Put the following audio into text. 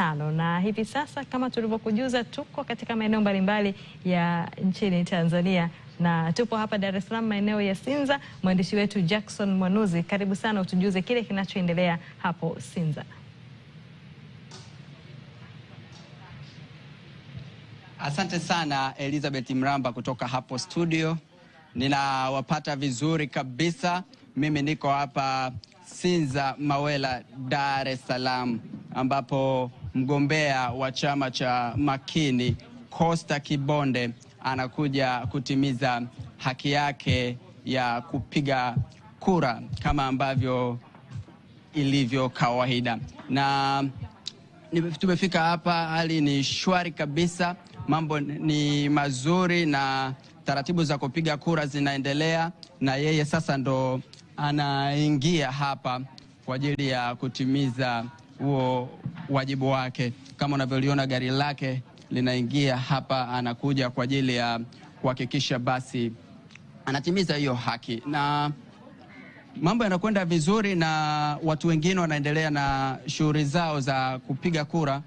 tano na hivi sasa kama tulivyokujuza, tuko katika maeneo mbalimbali ya nchini Tanzania na tupo hapa Dar es Salaam maeneo ya Sinza. Mwandishi wetu Jackson Mwanuzi, karibu sana, utujuze kile kinachoendelea hapo Sinza. Asante sana Elizabeth Mramba kutoka hapo studio. Ninawapata vizuri kabisa. Mimi niko hapa Sinza Mawela, Dar es Salaam ambapo mgombea wa chama cha Makini Costa Kibonde anakuja kutimiza haki yake ya kupiga kura kama ambavyo ilivyo kawaida. Na tumefika hapa, hali ni shwari kabisa, mambo ni mazuri na taratibu za kupiga kura zinaendelea, na yeye sasa ndo anaingia hapa kwa ajili ya kutimiza huo wajibu wake. Kama unavyoliona gari lake linaingia hapa, anakuja kwa ajili ya kuhakikisha basi anatimiza hiyo haki na mambo yanakwenda vizuri na watu wengine wanaendelea na shughuli zao za kupiga kura.